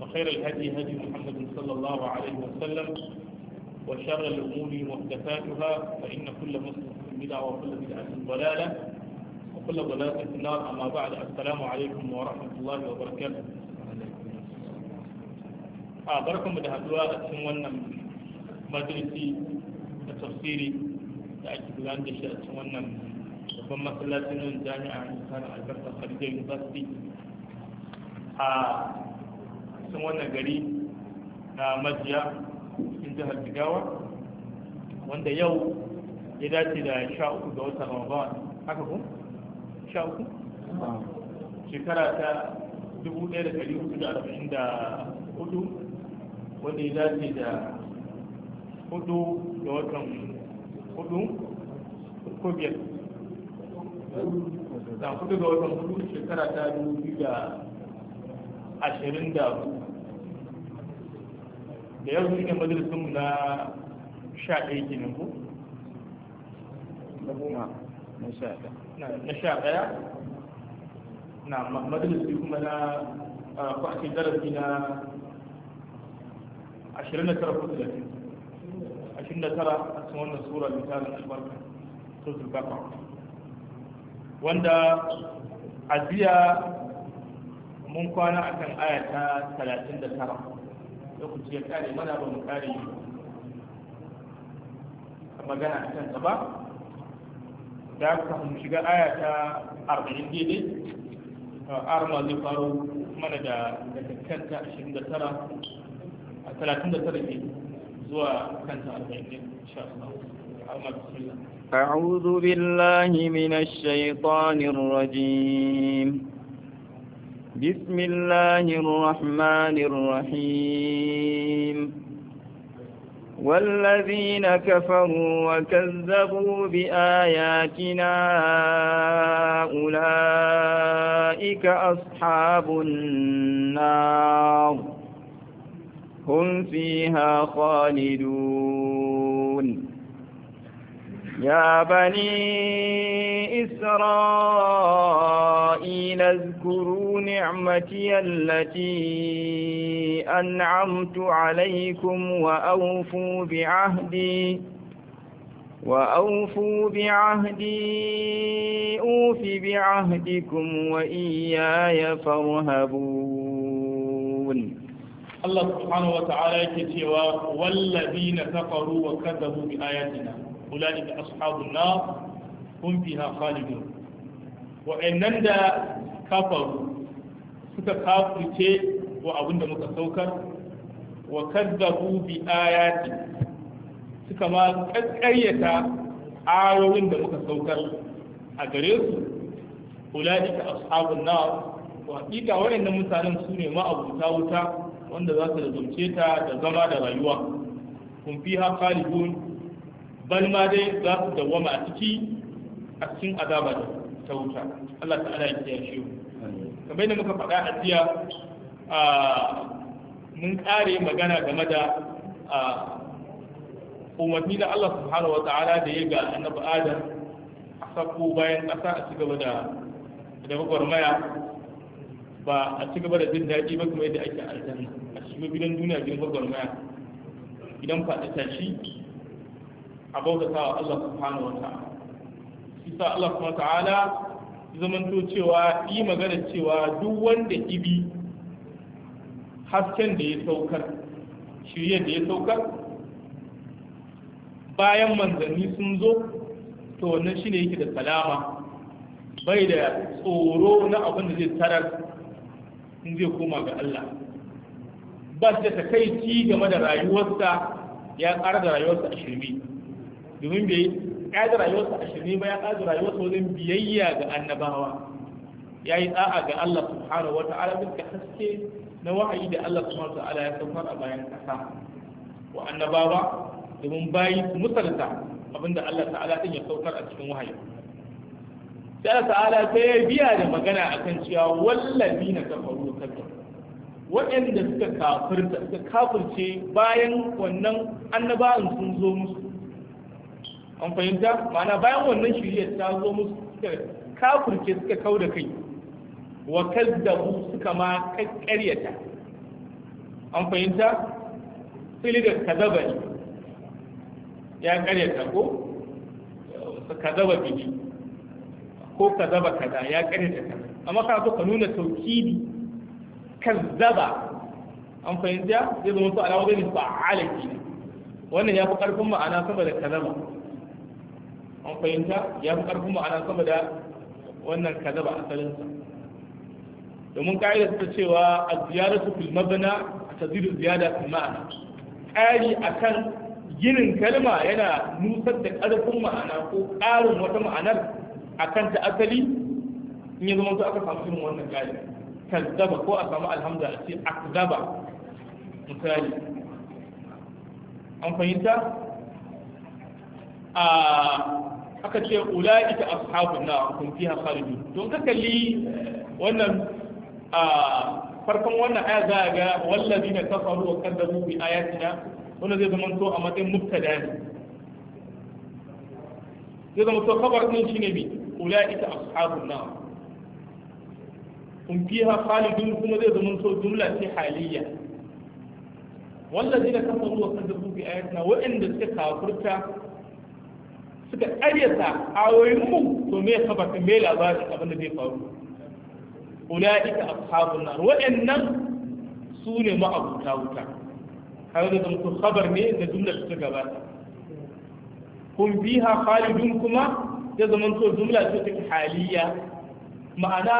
وخير الهدي هدي محمد صلى الله عليه وسلم وشر الأمور محدثاتها فإن كل مسلم بدعة وكل بدعة ضلالة وكل ضلالة في النار أما بعد السلام عليكم ورحمة الله وبركاته. آه بركم بدها دواء تسمون مدرسي تفسيري تأجب الآن دشاء تسمون ربما ثلاثين جامعة الإنسان ألبرت الخليجي المدرسي. cikin wannan gari na majiya cikin jihar jigawa wanda yau ya dace da sha uku ga watan ramadan haka kun sha uku shekara ta dubu ɗaya da ɗari hudu da arba'in da hudu wanda ya dace da hudu ga watan hudu ko biyar da hudu ga watan hudu shekara ta dubu biyu da ashirin da hudu da yau shi ne majalisun na sha ɗaya kenan ko na goma na sha ɗaya na sha ɗaya na majalisi kuma na kwakin darasi na 29 ko 30 29 a cikin wannan sura misalin albarka sun zulkafa wanda a biya mun kwana akan aya ta tara. ku ya kare mana ba mu kare magana a kanta ba da aka mu shiga aya ta arba'in daidai arma zai faru mana da daga kanta ashirin da tara a talatin da tara ke zuwa kanta arba'in daidai sha Allah أعوذ بالله من الشيطان الرجيم بسم الله الرحمن الرحيم والذين كفروا وكذبوا بآياتنا أولئك أصحاب النار هم فيها خالدون يا بني إسرائيل اذكروا نعمتي التي أنعمت عليكم وأوفوا بعهدي وأوفوا بعهدي أوف بعهدكم وإياي فارهبون الله سبحانه وتعالى يتشوى والذين كفروا وكذبوا بآياتنا ulaika ashabun nar hum fiha khalidun wa'annan da kafaru suka kafirce wa abin da muka saukar wa kazzabu bi ayati suka ma kakkaryata ayoyin da muka saukar a gare su ulaika ashabun nar wa hakika waɗannan mutanen su ne ma'abuta wuta wanda za su da ta da zama da rayuwa kun fi ha khalidun bal ma dai za su dawama a ciki a cikin azaba da ta wuta Allah ta'ala ya kiyaye mu kamar da muka faɗa a jiya a mun kare magana game da a umarni da Allah subhanahu wa ta'ala da ya ga annabi Adam a sako bayan ƙasa a cigaba da da gwagwarmaya ba a cigaba da jin daɗi ba kuma yadda ake aljanna a cikin gidan duniya gidan gwagwarmaya gidan faɗi tashi a bautata wa Allah subhanahu wa ta'ala sa Allah kuma ta'ala zamanto cewa yi magana cewa duk wanda ibi hasken da ya saukar shirye da ya saukar bayan manzanni sun zo to wannan shine yake da salama bai da tsoro na abin da zai tarar in zai koma ga Allah ba da takaici game da rayuwarsa ya ƙara da rayuwarsa a shirme domin bai ƙaji rayuwarsa a shirme ba ya ƙaji rayuwarsa wajen biyayya ga annabawa ya yi tsa'a ga Allah subhanahu wa ta'ala duk da haske na wahayi da Allah subhanahu wa ta'ala ya saukar a bayan ƙasa wa annabawa domin bayi su musalta abinda Allah ta'ala din ya saukar a cikin wahayi sai Allah ta'ala sai ya biya da magana a kan cewa wallabi na kafaru kadda waɗanda suka kafirta suka kafirce bayan wannan annabawan sun zo musu an fahimta ma'ana bayan wannan shirya ta zo musu suka kafurce suka kau da kai wa kazzabu suka ma kakkaryata an fahimta da kazaba ne ya karyata ko kazaba biki ko kazaba kaza ya karyata kaza amma ka so ka nuna taukidi kazzaba an fahimta zai zama su alawa zai fa'ala kenan wannan ya fi karfin ma'ana saboda kazaba an fahimta ya fi karfin ma'ana sama da wannan kaza ba asalinsa domin ka'ida ta cewa a su fil a tazidu ziyada fil ma'ana ƙari akan ginin kalma yana nusar da ƙarfin ma'ana ko ƙarin wata ma'anar kan ta asali in ya zama su aka samu irin wannan ƙari kazaba ko a samu alhamda a ce akzaba misali an fahimta a aka ce ula'ika ashabun na kun fiha khalidun don ka kalli wannan a farkon wannan aya za a ga wallazina kafaru wa kadzabu bi ayatina wannan zai zama to a matsayin mubtada ne zai zama to kabar din shine bi ula'ika ashabun na kun fi fiha khalidun kuma zai zama to jumla ce haliyya wallazina kafaru wa kadzabu bi ayatina wa'anda suka kafurta suka ƙaryata ayoyin mu to me ka baka me labarin abin da zai faru ulaika ashabun nar wa'annan su ne ma'abuta wuta har da mutum khabar ne da jumlar ta gabata kun biha khalidun kuma ya zama to jumla ce ta haliya ma'ana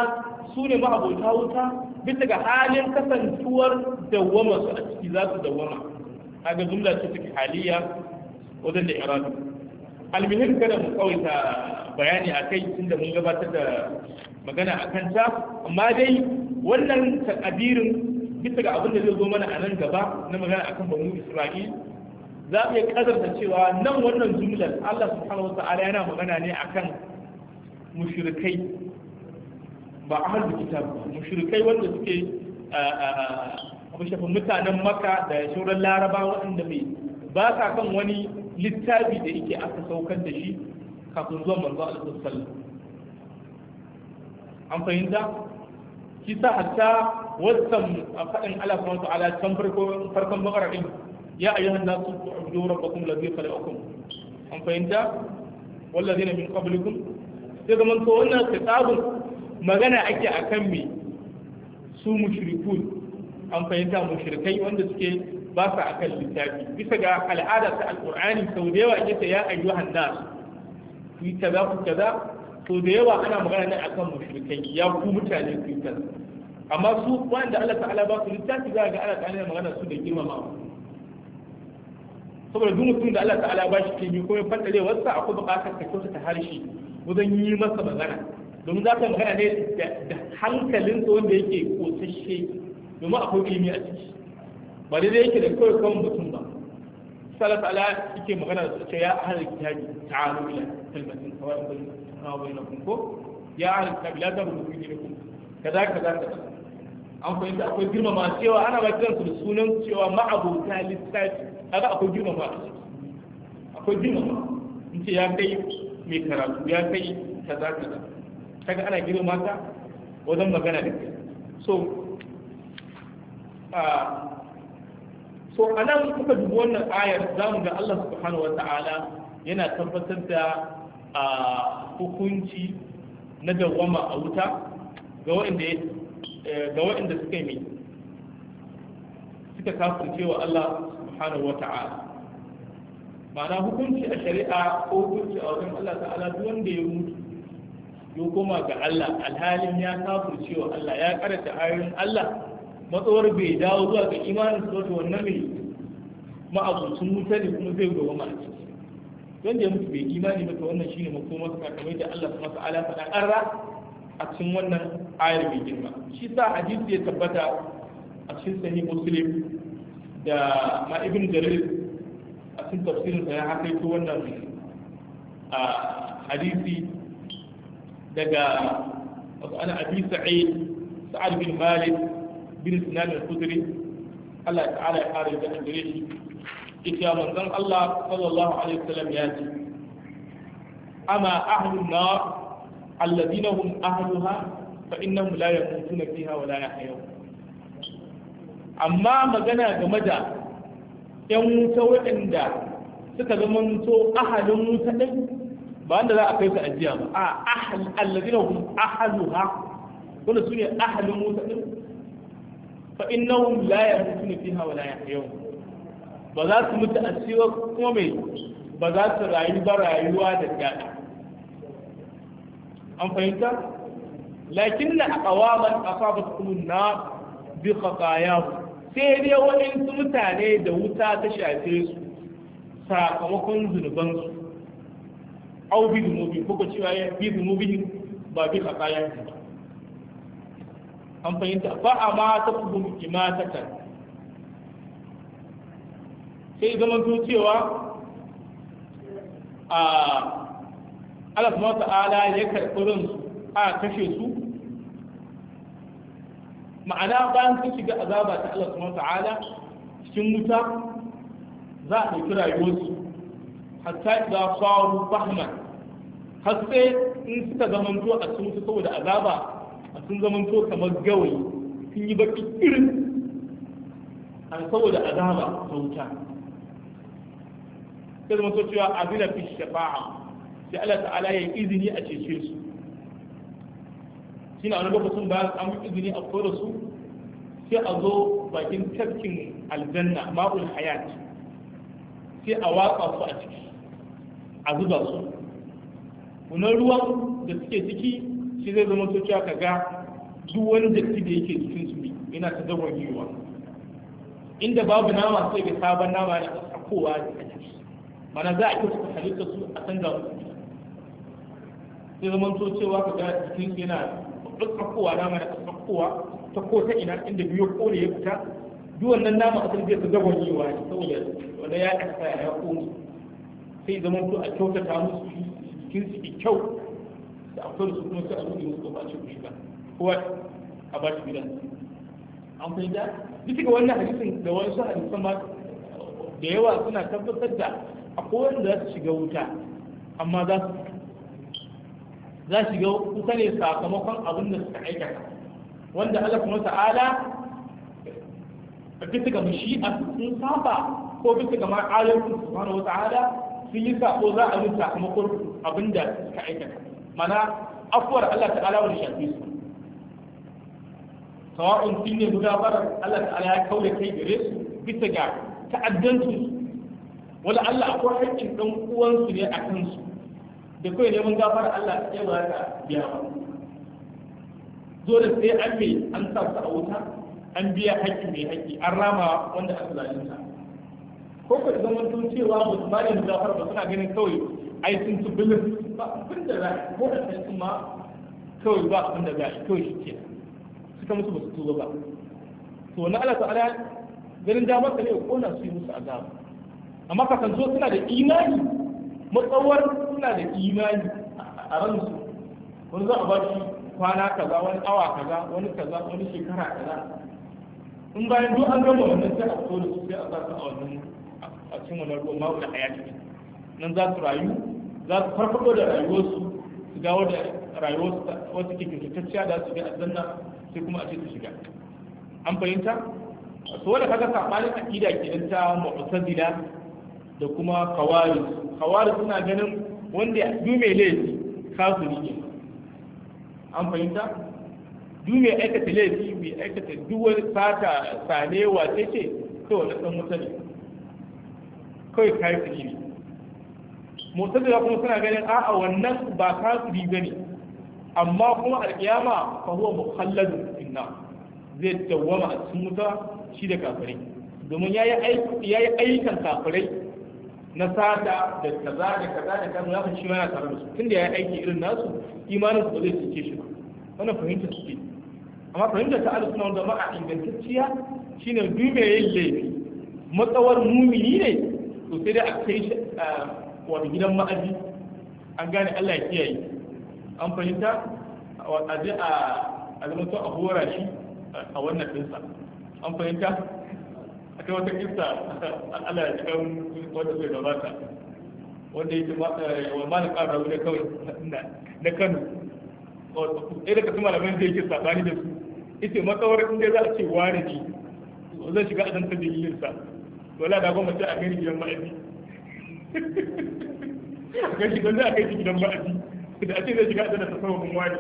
su ne ma'abuta wuta bisa ga halin kasantuwar dawwama su a ciki za su dawwama kaga jumla ce ta haliya wajen da iradu almihim kada mu kawaita bayani a kai tunda mun gabatar da magana a kanta amma dai wannan takadirin bisa ga abin da zai zo mana a nan gaba na magana akan banu isra'il za mu iya kadarta cewa nan wannan jumlar Allah subhanahu wata'ala yana magana ne akan mushrikai ba ahlul kitab mushrikai wanda suke a mutanen maka da shauran laraba waɗanda mai ba sa kan wani littafi da yake aka saukar da shi kafin zuwan manzo alaihi wasallam an fahimta kisa hatta wasan faɗin Allah subhanahu wa ta'ala can farkon farkon bakara din ya ayyuhan nasu ta'budu rabbakum ladhi khalaqakum an fahimta wallazina min qablikum sai zaman to wannan kitabun magana ake akan me su mushrikun an fahimta mushrikai wanda suke ba sa akan littafi bisa ga al'ada ta alqur'ani sau da yawa yake ya ayyuhan nas ku kaza ku kaza sau da yawa ana magana ne akan mushrikai ya ku mutane ku kaza amma su wanda Allah ta'ala ba su littafi za ga ana tsanin magana su da girmama saboda duk mutum da Allah ta'ala ba shi kimi ko ya wasu wasa akwai bukatar ka kyautata harshe wajen yi masa magana domin za ka magana ne da hankalinsa wanda yake kosashe domin akwai ilimi a ciki ba dai yake da kawai kawai mutum ba salaf ala yake magana da ce ya ahlul kitabi ta'alu ila kalmatin sawa'in bainakum bainakum ko ya ahlul kitabi la tabudu fi dinikum kaza kaza kaza an fahimta akwai girmama cewa ana ba su da sunan cewa ma'abota littafi kaga akwai girmama akwai girmama in ce ya kai mai karatu ya kai kaza kaza kaga ana girmama ka wajen magana da kai so ah, so a nan kuka dubi wannan ayar za mu ga Allah subhanahu wa ta'ala yana tabbatar da hukunci na dawwama a wuta ga waɗanda eh, suka yi suka kafirce wa Allah subhanahu wa ta'ala ma'ana hukunci a shari'a ko hukunci a wajen Allah ta'ala duk wanda ya mutu ya koma ga Allah alhalin ya kafirce wa Allah ya karanta ayoyin Allah matsawar bai dawo zuwa ga imanin su wato wannan mai ma'abucin wuta ne kuma zai gawa ma a don da mutu bai imani ba ta wannan shine makoma su kamar yadda Allah subhanahu ta'ala faɗa ƙarra a cikin wannan ayar mai girma shi sa hadisi ya tabbata a cikin sahih muslim da ma ibn jarir a cikin tafsirin sa ya hakaito wannan a hadisi daga wasu ana abi sa'id sa'ad bin malik bin sinan al-khudri Allah ta'ala ya kare da gare shi ita manzon Allah sallallahu alaihi wasallam ya ce amma ahlun nar alladhina hum ahluha fa innahum la yamutuna fiha wa la yahyawun amma magana game da yan wuta waɗanda suka zama to ahalin wuta ɗin ba wanda za a kai su ajiya ba a ahal alladhina hum ahluha wanda su ne ahalin wuta ɗin fa innahum la yamutuna fiha wa la yahyawun ba za su mutu a ciwo kuma mai ba za su rayu ba rayuwa da daɗi an fahimta lakin na aqawaman asabatkum na bi khatayahu sai dai waɗansu mutane da wuta ta shafe su ta sakamakon su, au bi zunubi kuka cewa ya bi zunubi ba bi khatayahu an fahimta ba a ma ta kuhum imatatan sai zama to cewa a Allah mata ala ya karɓi ransu a kashe su ma'ana bayan sun shiga azaba ta Allah mata ala cikin wuta za a ɗauki rayuwarsu hatta idza faru bahman har sai in suka zamanto a cikin wuta saboda azaba sun zama to kamar gawayi sun yi baki irin a saboda azaba ta wuta sai zama to cewa azina fi shafa'a sai Allah ta'ala ya yi izini a cece su Shi na wani lokacin bayan an yi izini a kora su sai a zo bakin tafkin aljanna ma'ul hayat sai a watsa su a ciki a zuba su Wani ruwan da suke ciki shi zai zama to cewa kaga duk wani datti da yake cikin su yana ta yiwuwa inda babu nama sai ga sabon nama ne a kowa da jiki mana za a kusa halitta su a canza musu sai zama to cewa kaga jikin yana tsakkowa nama da tsakkowa ta ko ta ina inda biyo kone ya fita duk wannan nama a sarki ta gabanyewa ne saboda wanda ya kasa ya kone sai zama to a kyautata musu jikin su kyau da akwai su kuma sai a rufe musu ba a ce ku shiga a ba shi gidan an da duk ga wannan hadisin da wasu hadisan ma da yawa suna tabbatar da akwai wanda za su shiga wuta amma za su za su shiga wuta ne sakamakon abin da suka aikata wanda Allah kuma ta'ala bisa ga a sun saba ko bisa ga ma'alar subhanahu wa ta'ala sun yi sako za a yi sakamakon abin da suka aikata mana afuwar Allah ta'ala wani shafi su sawa'un sun ne gudanar Allah ta'ala ya kaure kai gare su bisa ga ta'addansu wala Allah akwai haƙƙin ɗan uwansu ne a kansu da kawai neman gafar Allah ya ba ka biya ba Zo da sai an mai an sa su a wuta an biya haƙƙi mai haƙƙi an rama wanda aka zalunta ko ko idan mun cewa musulmanin gafar ba suna ganin kawai ai sun bilin ba abin da za ko da sai ma kawai ba abin da za kawai shi ke suka musu ba su tuzo ba to na Allah ala ganin damar ka ne ko kona su yi musu azabu. amma ka kan zo suna da imani matsawar suna da imani a ransu wani za a ba shi kwana kaza wani awa kaza wani kaza wani shekara kaza in bayan duk an gama wannan sai a tsoro su sai a za su a wannan a cikin wannan ruwan ma'u da hayati nan za su rayu za su farfado da rayuwarsu su dawo da rayuwarsu wasu ke da su ga zanna sai kuma a ce su shiga an fahimta so da kaga sabanin akida kenan ta mu'tazila da kuma kawari kawari suna ganin wanda ya dume laifi su ne an fahimta dume aikata laifi mai aikata duwar fata sane wace ce kawai na kawai mutane kawai kafiri ne mu'tazila kuma suna ganin a'a wannan ba kafiri bane amma kuma alkiyama fa huwa mukhalladun finna zai dawwama a cikin mutuwa shi da kafirai domin ya yi yayi aikan kafirai na sata da kaza da kaza da kaza ya shi yana tare da su tunda yayi aiki irin nasu imanin su ba zai cike shi ba wannan fahimta suke amma fahimta ta alusuna wanda ma ma'a ingantacciya shine duk mai yin laifi matsawar mumini ne to sai dai a kai shi wato gidan ma'aji an gane Allah ya kiyaye an fahimta a je a azamanto a hora shi a wannan dinsa an fahimta a kai wata a Allah ya cikin wata zai gabata wanda yake eh, wa malin ƙarar wuri kawai na kano ɗaya daga su labarin da yake sabani da su ita matsawar inda za a ce ware ne zai shiga a azantar da yiyinsa wala da goma ce a gani gidan ma'aji Akwai shi don za a kai shi gidan ba'adi da ake zai shiga a zana tasawar kun wani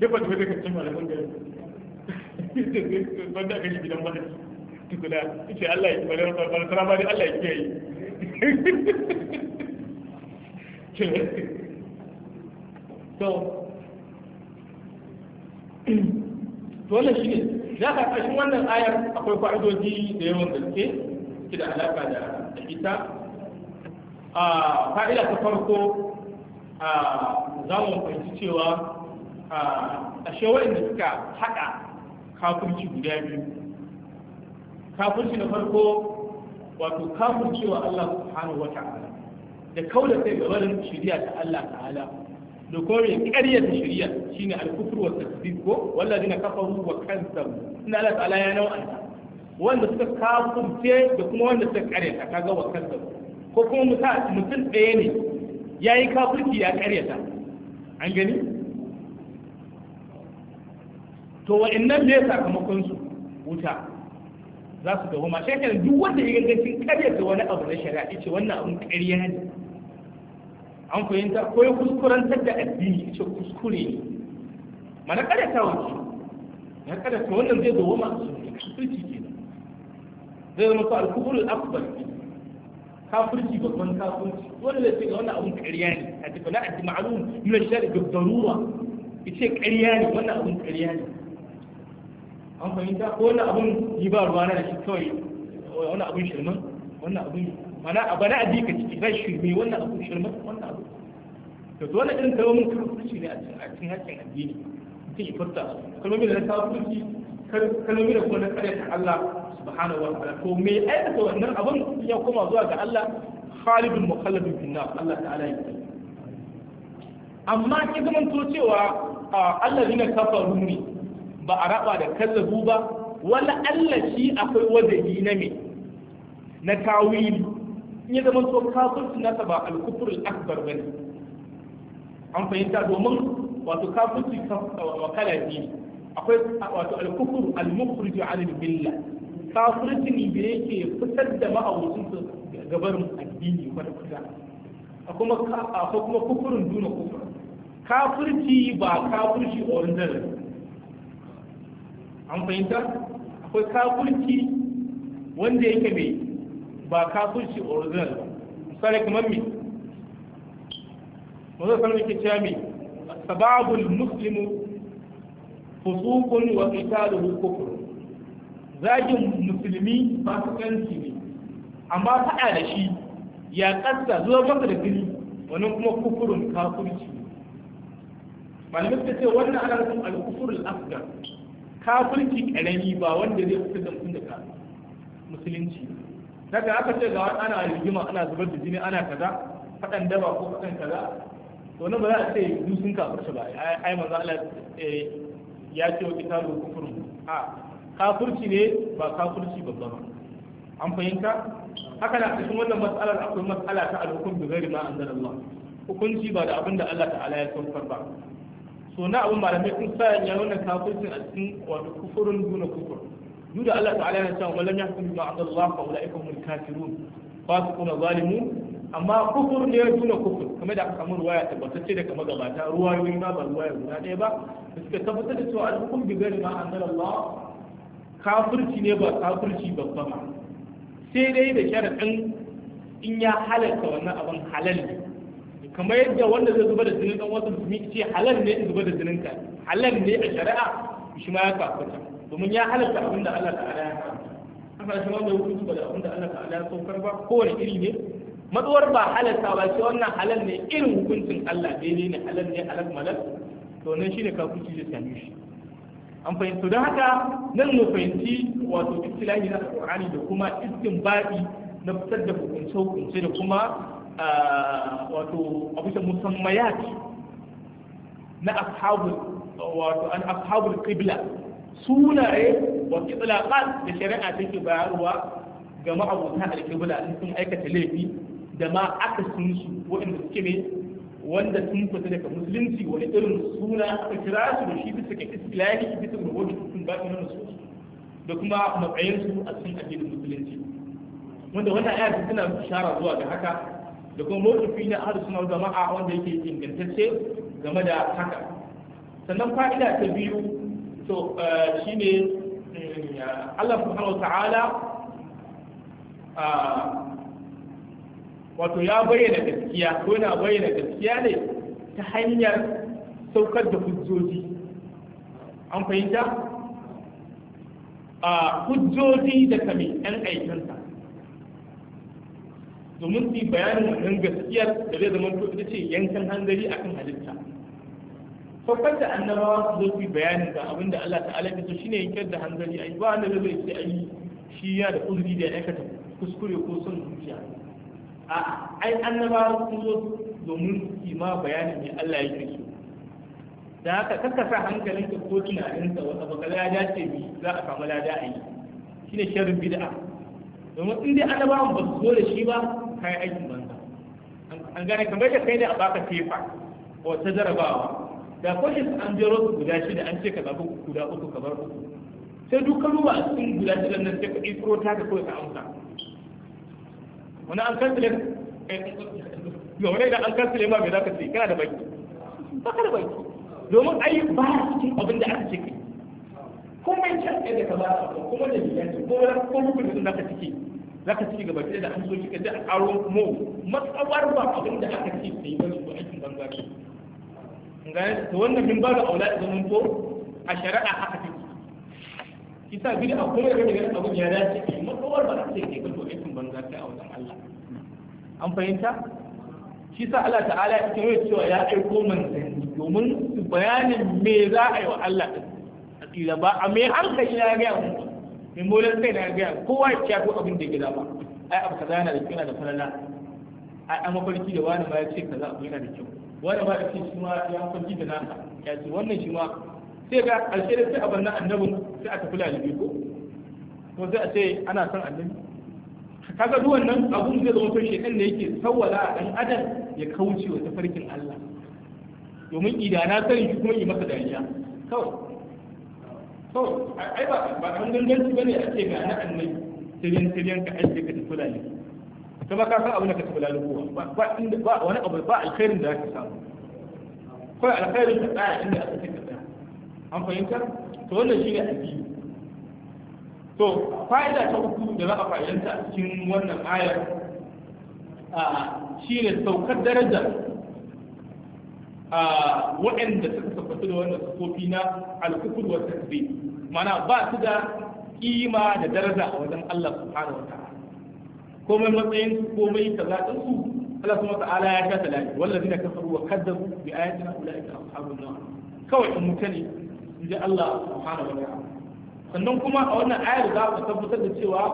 ya ba zai kacce malaman gari don da kai shi gidan ba'adi tukuna ce Allah ya kimanin rabar sana ba dai Allah ya kiyaye to wannan shi ne za ka ƙarshen wannan ayar akwai fa'idoji da yawan gaske ke da alaƙa da ita fa'ida ta farko za mu fahimci cewa a shewarin da suka haɗa kafirci guda biyu kafirci na farko wato kafircewa Allah subhanahu wa ta'ala da kaula sai gabarin shirya ta Allah ta'ala da kore ƙarya ta shari'a shi ne kufru wa tasdid ko wallazina kafa wa kansa suna Allah ala ya nau'anta wanda suka kafirce da kuma wanda suka ƙarya ta kaga wa kansabu ko kuma mutum ɗaya ne ya yi kafirki ya karyata an gani to wa'annan ne sakamakonsu wuta za su dawo ma shekarar duk wanda ya gangancin karyata wani abu na shari'a ce wannan abin karya ne an fahimta ko ya kuskurantar da addini ce kuskure ne mana karyata wace ya karyata wannan zai dawo ma su ne kusurci ke zai zama su alkuburul akbar ne kafirci babban kafirci wanda zai ce ga wannan abun ƙarya ne a na addini ma'alum min shari da darura yace ƙarya wannan abun ƙarya an fahimta ko wannan abun yi ba ruwa na da shi kawai wannan abun shirman wannan abun mana a bana addini ka ciki zai wannan abun shirman wannan abun to wannan a cikin addini kuma na Allah subhanahu wa ta'ala to me aikata wannan abin ya koma zuwa ga Allah khalidun mukhalladun fi nar Allah ta'ala ya amma ki zaman to cewa allazina kafaru ne ba a raba da kallabu ba wala Allah shi akwai wajahi na me na tawili ya zaman to kafirci nasa ba al-kufr al-akbar bane an fahimta domin wato kafirci kala ne akwai wato al-kufr al-mukhrij 'ala al-millah kafircin da yake fitar da ma'abucin su gabarin addini kwata kwata akwai kuma kufurin duna kufur kafirci ba kafirci original an fahimta akwai kafirci wanda yake mai ba kafirci original misali kamar me wanda sanar yake cewa me sababul muslimu fusukun wa da kufur zagin musulmi fasikanci ne amma faɗa da shi ya ƙasa zuwa masa da gini wani kuma kufurin kafurci malamai ta ce wannan ana nufin al'ufurul afgan kafurci ƙarami ba wanda zai fitar da mutum daga musulunci daga aka ce ga wani ana rigima ana zubar da jini ana kaza faɗan daba ko faɗan kaza to na ba za a ce du sun kafurci ba ai manzo Allah eh, ya ce wa kitabu kufurun a kafirci ne ba kafirci babba ba an fahimta haka na cikin wannan matsalar akwai matsala ta alhukum bi ghairi ma Allah hukunci ba da abin da Allah ta'ala ya saukar ba so na abin malamai sun sa ya wannan kafirci a cikin wato kufurin duna kufur duda da Allah ta'ala ya cewa lam yahkum bi Allah fa ulaika humul kafirun fasiquna zalimun amma kufur ne ya duna kufur kamar da aka samu ruwaya tabbatacce daga magabata ruwayoyi ma ba ruwaya guda ɗaya ba suka tabbatar da cewa alhukum bi ghairi ma Allah kafirci ne ba kafirci babba ba sai dai da sharaɗin in ya halarta wannan abin halal ne kamar yadda wanda zai zuba da jinin ɗan wasu musulmi ce halal ne zuba da jinin ka halal ne a shari'a shi ma ya kafirta domin ya halarta abin da Allah ta'ala ya haramta haka shi wanda hukunci ba da abin da Allah ta'ala ya saukar ba kowane iri ne matsuwar ba halarta ba ce wannan halal ne irin hukuncin Allah daidai ne halal ne halal malal to nan shine kafirci zai same shi an fahimta don haka nan mu fahimci wato istilahi na alƙur'ani da kuma istinbadi na fitar da hukunce hukunce da kuma ah, wato abu da musammayat na ashabul wato an ashabul qibla sunaye wa itlaqat da shari'a take bayarwa ga ma'abuta al-qibla sun aikata laifi da ma sun su waɗanda suke ne wanda sun fita daga musulunci wani irin suna aka kira su da shi bisa ga islami bisa ga hukun da kuma a cikin addinin musulunci wanda wannan ayar bishara zuwa ga haka da kuma na ahlus jama'a wanda yake ingantacce game da haka sannan fa'ida ta biyu to eh, shine eh, Allah subhanahu wa ta'ala ah, wato ya bayyana gaskiya ko yana bayyana gaskiya ne ta hanyar saukar da hujjoji an fahimta a hujjoji da kame yan aikinsa domin su bayanin wannan gaskiyar da zai zama ita ce yankan hanzari kan halitta saukar da annabawa su zo su bayanin ga abin da Allah ta'ala ya so ne yankar da hanzari yi ba wanda zai ce yi shi ya da kuzuri da ya aikata kuskure ko son zuciya a ai annabawa sun zo domin su ma bayani ne Allah ya kike da haka kaka sa hankalin ka ko sa wata baka lada ce bi za a samu lada a yi shine sharrin bid'a domin in dai annabawan ba su zo da shi ba kai aikin banza an gane kamar da kai ne a baka tefa ko ta jarabawa da kwashin an jero su guda shida an ce ka zaɓi guda uku ka bar uku sai dukkan ruwa a cikin guda shida nan sai ka ikro ta ka kawai ka amsa wani an kansile eh, yau da an kansile ma za ka ce kana da baki ba da baki domin ai ba cikin abin da aka ce kai kuma in can da ka ba kuma da biyanci ko wani ko hukuncin da zaka ciki zaka ciki gaba da an so shi ka da aro mu matsawar ba abin da aka ce kai ba su aikin banza ne ga wannan min ba da aula da a shari'a haka take Kisa sa da kuma ga daga ganin ya dace a makawar ba sai ke ke kato aikin banza kai a wajen Allah an fahimta shi sa Allah ta'ala ya ce cewa ya aiko manzanni domin bayanin me za a yi wa Allah akila a ba a me hankali na ga mu me molan sai na ga kowa ya ko abin da gida ba ai abu kaza yana da kyau da falala ai an mafarki da wani ma ya ce kaza abu yana da kyau wani ma ya ce shi ma ya mafarki da nasa ya ce wannan shi ma sai ga ƙarshe da sai abin nan annabin sai aka fi lalibi ko to sai a ce ana son annabi kaga duk wannan abun zai zama fashe ɗan da yake sawwala a ɗan adam ya kauce wa tafarkin Allah domin idana sani shi kuma yi masa dariya kawai kawai ai ba ba an ganganci bane a ce ga na annabi tiryan tiryan ka aike ka tafi lalibi kuma ka san abin da ka tafi lalibi ba ba wani abu ba alkhairin da zaka samu kawai alkhairin ka tsaya inda aka tafi an fahimtar to wannan shi a addini to fa'ida ta uku da za a fa'idanta a cikin wannan ayar ne saukar daraja a waɗanda suka tabbatu da wannan sufofi na alkufur wa tasbi mana ba su da kima da daraja a wajen Allah subhanahu wa ta'ala komai matsayin komai talatin su Allah subhanahu wa ta'ala ya ta talaki wallazina kafaru wa kaddabu bi ayatina ulaika ashabun nar kawai in mutane in Allah subhanahu wa ta'ala sannan kuma a wannan ayar za ku tabbatar da cewa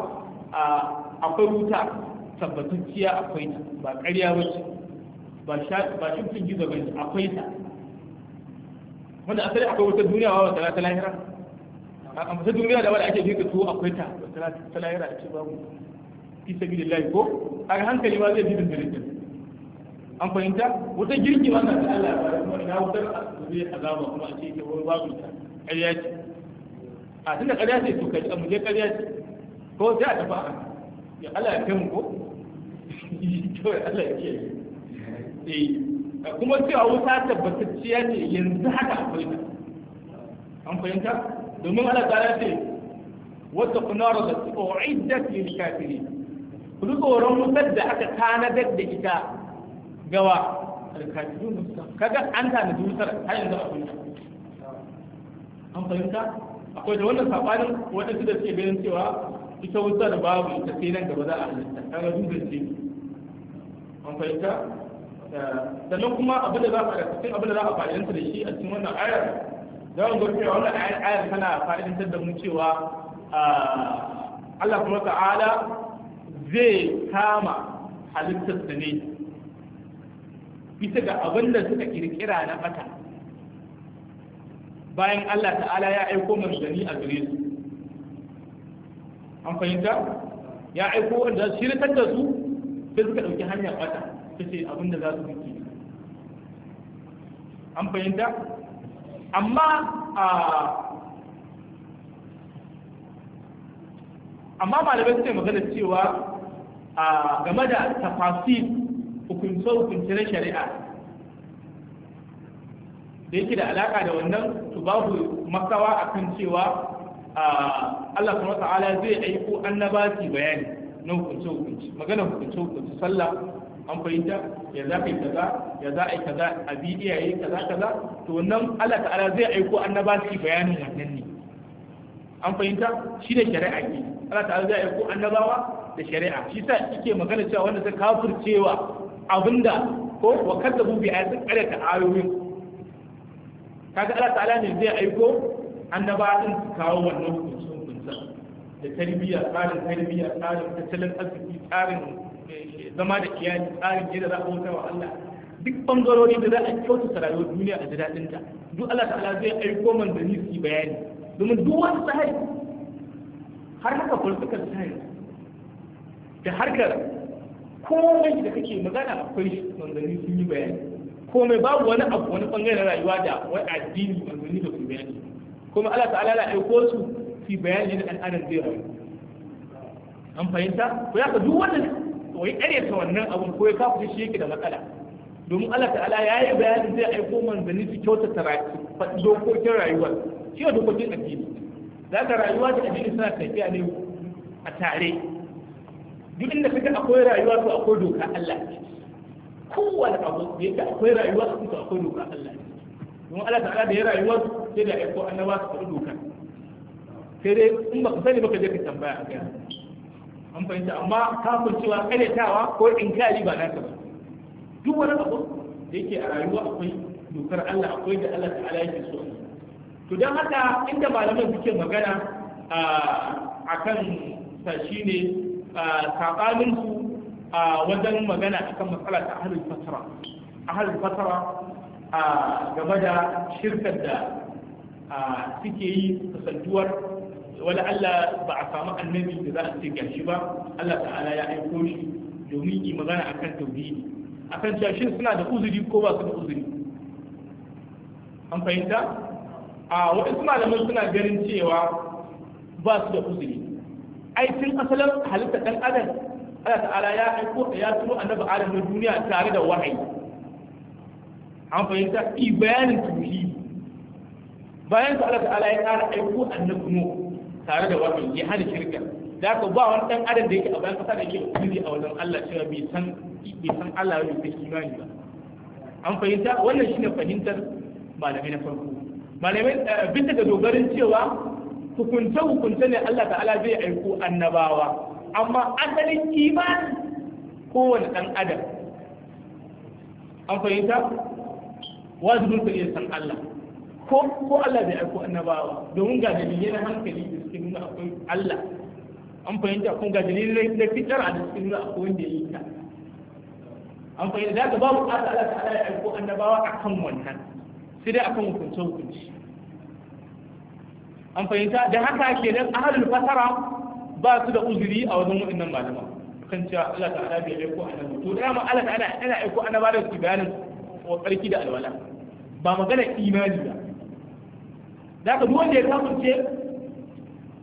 akwai wuta tabbatacciya akwai ta ba ƙarya ba ce ba shi shimfin gizo ba akwai ta wanda asali akwai wutar duniya wa wata ta lahira a masu duniya da wanda ake ka tuwo akwai ta wata ta lahira a ce babu fi sabi da ko a hankali ma zai da dindindin an fahimta wata girki wannan da Allah ba kuma ina wutar zai azaba kuma a cikin wani babu ta ƙarya ce a tunda ƙarya ce to kaji amma je ƙarya ce ko sai a tafi ya Allah ya kai mu ko to Allah ya kiyaye eh kuma cewa wuta tabbatacciya ce yanzu haka akwai ta an fahimta domin Allah ta ce wata kunara da su ƙo'iddat lil kafirin ku tsoron wutar da aka tanadar da ita gawa alkafirun kaga an tanadi wutar har yanzu a kunya an fahimta akwai da wannan sabanin waɗansu da suke ganin cewa ita wutar babu ita sai nan gaba za a halitta kaga dubin ce an fahimta eh, sannan kuma abin da za a cikin abin da za a fa'idanta da shi a cikin wannan ayar za mu a wannan ayar tana fa'idantar da mu cewa eh, Allah kuma ta'ala zai kama halittar da ne bisa ga abin da suka kirkira na fata bayan Allah ta'ala ya aiko manzanni a gare su an fahimta ya aiko wanda shirkar da su sai suka ɗauki hanyar fata ta ce abin da za su yi an fahimta amma a amma malamai suka magana cewa game da tafasir hukunce-hukunce na shari'a da yake da alaƙa da wannan to babu makawa a kan cewa Allah kuma ta'ala zai aiko annabaci bayani na hukunce-hukunce magana hukunce-hukunce sallah an fahimta ya za ka yi kaza ya za a yi kaza a bi iyaye kaza kaza to wannan Allah ta'ala zai aiko annabaci bayanin wannan ne an fahimta shi ne shari'a ke Allah ta'ala zai aiko annabawa da shari'a shi sa ike magana cewa wanda ta kafircewa abinda ko wa kadzabu bi ayatin qaryata ayoyin kaga Allah ta'ala ne zai aiko annaba din su kawo wannan hukuncin kunsa da tarbiyya tsarin tarbiyya tsarin tattalin arziki tsarin eh, zama da kiyaye tsarin yadda za a bauta wa Allah duk bangarori da za a kyautata rayuwar duniya a jidadin ta duk Allah ta'ala zai aiko manzanni su yi bayani domin duk wani sahari har haka fulsukar sahari da harkar komai da kake magana akwai manzanni sun yi bayani komai babu wani abu wani na rayuwa da wani addini manzanni da su bayani kuma Allah ta'ala ya aiko su fi bayani da al'adar zai rayu an fahimta ko ya ka duk wanda wai ta wannan abun ko ya kafa shi yake da matsala domin Allah ta'ala ya yi bayani zai aiko manzanni su kyautata faɗi dokokin rayuwa shi dokokin addini za ka rayuwa da addini suna tafiya ne a tare duk inda kaga akwai rayuwa to akwai doka Allah ne kowane abu da yake akwai rayuwa to akwai doka Allah ne kuma Allah ta'ala da ya rayuwa sai da aiko annaba su faɗi doka sai dai in ba ka sani ba ka je ka tambaya a gaya. an fahimta amma kafin cewa karyatawa ko inkari ba naka ba duk wani abu da yake a rayuwa akwai dokar Allah akwai da Allah ta'ala yake so to don haka inda malaman suke magana a ah, kan sa shine saɓanin a wajen magana cikin matsala ta ahalin fatara ahalin fatara a game da shirkar da suke yi kasantuwar wani Allah ba a samu annabi da za a ce gashi ba Allah ta'ala ya aiko shi domin yi magana a kan tauhidi A kan shin suna da uzuri ko ba su da uzuri an fahimta a waɗansu malaman suna ganin cewa ba su da uzuri Aikin tun asalin halitta dan adam Allah ta'ala ya aiko ya turo annabi adam na duniya tare da wahayi an fahimta i bayanin tauhidi bayan sa Allah ta'ala ya kara aiko annabi mu tare da wahayi ya hana shirka da ka ba wani dan adam da yake a bayan kasa da yake kudi a wajen Allah cewa bai san bai san Allah bai san imani ba an fahimta wannan shine fahimtar malamai na farko malamai eh, bisa ga dogarin cewa hukunce hukunce ne Allah ta'ala zai aiko annabawa amma asalin imani kowane ɗan adam an fahimta wajibin ku iya san Allah ko ko Allah zai aiko annabawa domin ga dalilai na hankali da suke nuna akwai Allah an fahimta kun ga dalilai na a da suke nuna akwai wanda ya yi ta an fahimta da babu Allah ta'ala ya aiko annabawa akan wannan sai dai akan hukunce hukunci an fahimta da haka ke nan ahalul fasara ba su da uzuri a wajen waɗannan malaman kan cewa Allah ta'ala bai aiko annabi to da ma Allah ta'ala yana aiko annaba da su bayanin tsarki da alwala ba magana imani ba da ka duk wanda ya kafirce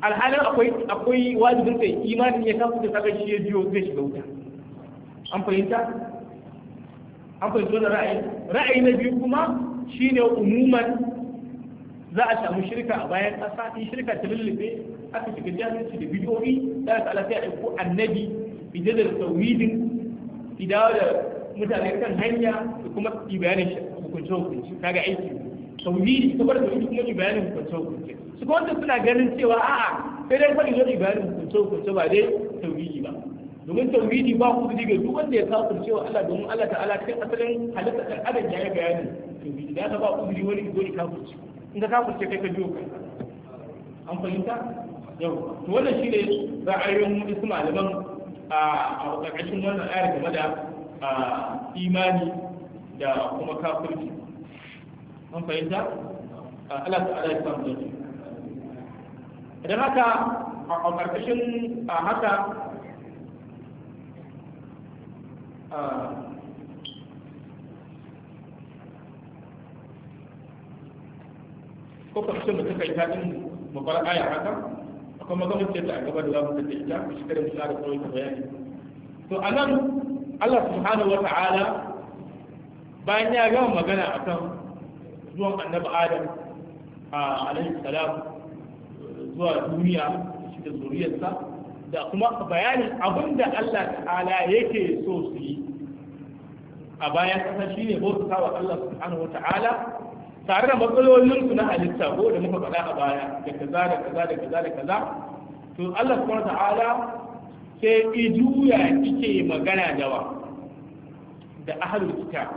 alhalin akwai akwai wajibin sai imanin ya kafirce saka shi ya biyo zai shiga wuta an fahimta an fahimta da ra'ayi ra'ayi na biyu kuma shine umuman za a samu shirka a bayan ƙasa in shirka ta lullube aka shiga jahilci da bidiyoyi da aka alaƙa ya ko annabi idan da tawhidin idawa da mutane kan hanya da kuma bayanin hukunce hukunci kaga aiki tauhidi ta bar tauhidi kuma bayanin hukunce hukunci su kuma wanda suna ganin cewa a'a sai dai kwani zo bayanin hukunce hukunce ba dai tauhidi ba domin tauhidi ba ku ga duk wanda ya kafir cewa Allah domin Allah ta'ala cikin asalin halitta dan adam ya yi bayanin tauhidi da ba ku wani zo kafirci in ka kafurce kai ka biyo kai an fahimta yau to wannan shi ne ra'ayoyin isma liman a ƙarƙashin wannan ayar game da imani da kuma kafirci an fahimta Allah ta'ala ya samu da idan haka a ƙarƙashin haka ko kwamishin da ta yi taɗin mabar aya haka akwai magamacin da a gaba da zamu da ita a shekarar da tsara kawai ta bayani to a nan allah subhanahu wa ta'ala bayan ya gama magana akan zuwan annabi adam a alaihi salam zuwa duniya shi da zuriyarsa da kuma bayanin abin da allah ta'ala yake so su yi a bayan ƙasa shi ne bautawa allah subhanahu wa ta'ala tare da matsalolin su na halitta ko da muka faɗa a baya da kaza da kaza da kaza da kaza to Allah subhanahu ta'ala sai ijuya kike magana da wa da ahlul kitab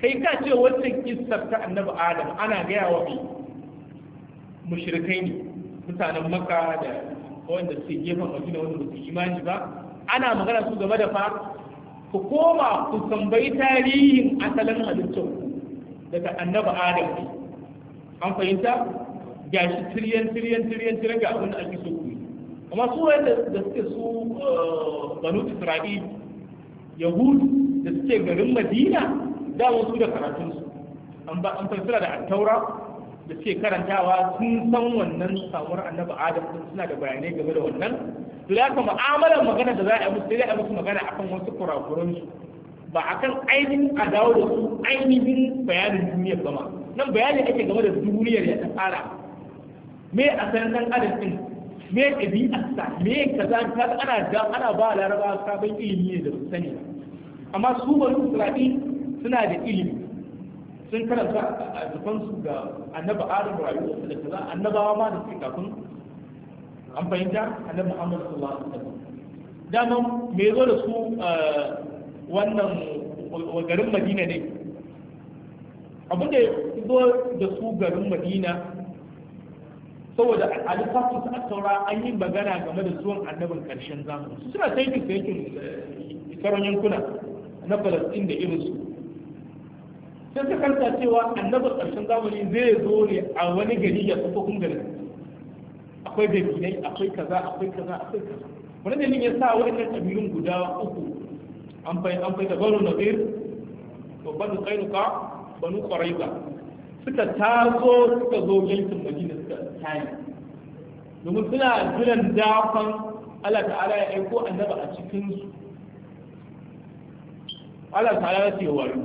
kai ka ce wannan kissar ta annabi adam ana gaya wa mushrikai ne mutanen maka da wanda suke gefen madina wanda ba imani ba ana magana su game da fa ku koma ku tambayi tarihin asalin halittar ku daga annaba adam ne an fahimta gashi tiriyan tiriyan tiriyan tiriyan ga abin da ake so ku amma su wanda da suke su uh, banu isra'il yahudu da suke garin madina dama su da karatunsu an ba an fassara da attaura da suke karantawa sun san wannan samuwar annabi adam suna da bayanai game da wannan to da haka mu'amalar magana da za a yi musu sai a musu magana akan wasu kurakuransu ba a kan ainihin a dawo da su ainihin bayanin duniyar ba nan bayani ake game da duniyar ya ta fara me a sanar dan adam din me ɗabi'arsa me kaza ta ana da ana ba laraba sabon ilimi ne da su sani amma su su isra'i suna da ilimi sun karanta a zufansu ga annaba adam rayuwarsa da kaza annabawa ma da suke kafin an fahimta annabi muhammadu sallallahu alaihi wasallam dama me zo da su eh, wannan garin madina ne abin da zo da su garin madina saboda a littafin su saura an yi magana game da zuwan annabin karshen zamani su suna taikin su yankin eh, sauran yankuna na falastin da irinsu sai ta kanta cewa annabin karshen zamani zai zo ne a wani gari ya tsofafin garin akwai bebinai akwai kaza akwai kaza akwai kaza wani dalilin ya sa waɗannan kabilun guda uku an fai an fai da banu nadir to banu qainuqa banu quraiba suka taso suka zo yankin madina suka tayi domin suna jiran dafan Allah ta'ala ya aiko annaba a cikin su Allah ta'ala ya ce wayo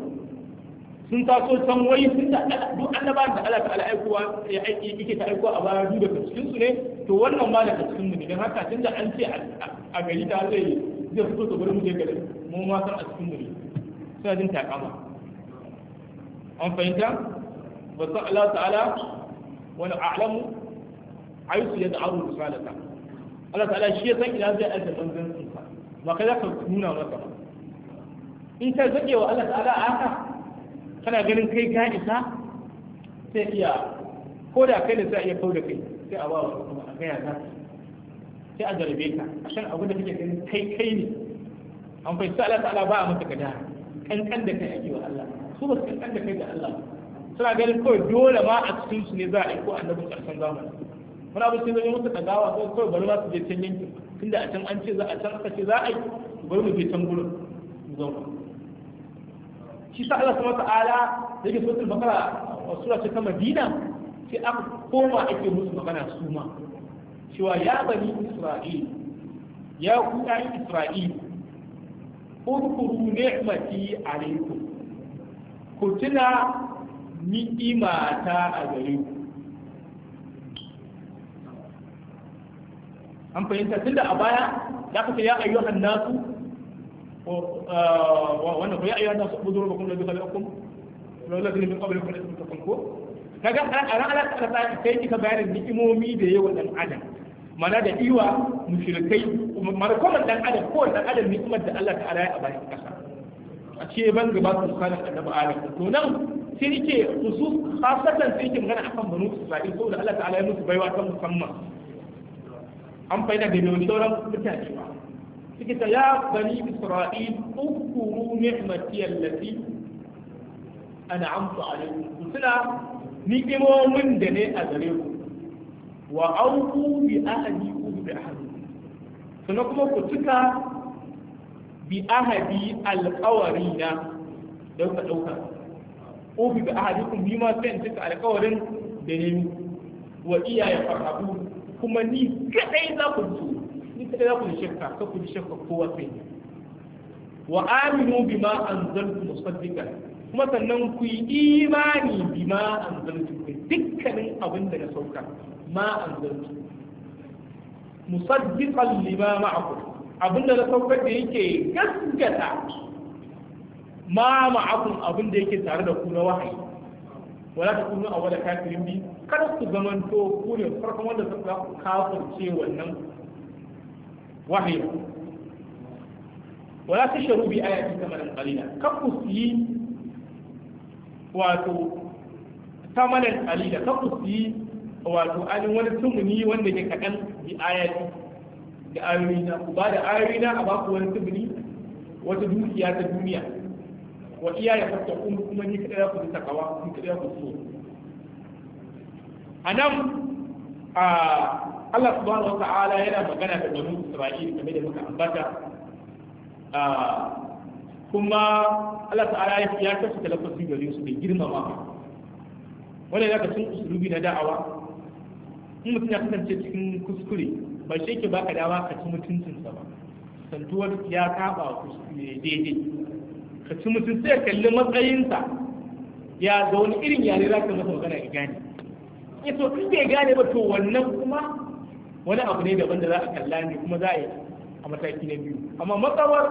sun taso can wai sun ta duk annabawan da Allah ta'ala aikowa ya aiki yake ta aikowa a baya duk daga cikin su ne to wannan ma daga cikin mu ne don haka tunda an ce a gari ta zai zai fito da gurin muje gari mu ma san a cikin mu ne suna jin takama an fahimta ba sa Allah ta'ala wani a'lamu ayyusu ya da'aru risalata Allah ta'ala shi ya san ina zai aika manzancin sa ba kai za ka nuna masa ba in ka zake wa Allah ta'ala a haka kana ganin kai ka isa sai iya ko da kai ne sai iya kau da kai sai a ba wa kuma a gaya za sai a zarbe ka a shan abin da kake ganin kai kai ne an fahimci Allah ta'ala ba a maka gada kankan da kai ake wa Allah su ba su kankan da kai da Allah suna ganin kawai dole ma a cikin su ne za a aiko annabin karshen zamani muna ba sai zai musu gawa ko kawai bari ma su je can yankin tunda a can an ce za a can aka ce za a yi bari mu je can gurin mu zauna shi sa Allah subhanahu ta'ala yake suratul baqara a sura ta Madina sai aka koma ake musu magana su ma cewa ya bani isra'il ya ku ya isra'il kurkuru ni'mati alaikum ku tuna ni'imata a gare ku an fahimta tun da a baya ya kace ya ayyuhan nasu wannan ku ya ayyuhan nasu buzuru da la bikhalakum lawla bi min da la ko kaga ran ala ta ta kai kika bayanin ni'imomi da yawan dan adam mana da iwa mushrikai kuma dan adam ko dan adam ne kuma da Allah ta'ala ya abashi kasa a ce ban gaba su kana annabi adam to nan sai yake khusus khasatan sai yake magana akan banu isra'il saboda Allah ta'ala ya musu baiwa ta musamman an faida da mai sauran mutane ba suke ta ya bani isra'il ukuru ni'mati allati an'amtu alaykum suna ni'imomin da ne a gare ku wa auku bi ahadi ku bi ahadi sannan kuma ku cika bi ahadi alƙawari na dauka ɗauka Ko bi ahadi kun bi ma sai in cika alƙawarin da ne wa iyaye farhabu kuma ni kadai za ku ji ni kadai za ku ji shakka ka ku ji shakka kowa sai wa aminu bima anzaltu musaddiqan kuma sannan ku yi imani bima anzaltu dukkanin abin da na sauka ma anzaltu musaddiqan lima ma'akum abinda na saukar da yake gaskata ma ma'akum abinda yake tare da ku na wahayi wala ta kunu a kafirin bi kada ku zamanto ku ne farkon wanda suka kafirce wannan wahayi wala ta sharu bi ayati kamalan qalila kan ku yi wato kamalan qalila kan ku yi wato ainihin wani sumuni wanda ke kaɗan bi ayati da ayoyi ku ba da ayoyi a baku wani sumuni wata dukiya ta duniya wa iya ya fasta kuma kuma ni kaɗai ku ta kawa ni kaɗai ku so a nan Allah subhanahu wa ta'ala yana magana da banu Isra'il game da muka ambata kuma Allah ta'ala ya kasu da lafazi gare su da girmama wanda ya sun usulubi na da'awa in mutum ya kasance cikin kuskure ba shi yake baka dama ka ci mutuncinsa ba santuwar ya kaba kuskure daidai ka ci mutum sai kalli matsayinsa ya ga wani irin yare za ka masa magana ya gane ya to in bai gane ba to wannan kuma wani abu ne daban da za a kalla ne kuma za a yi a mataki na biyu amma matsawar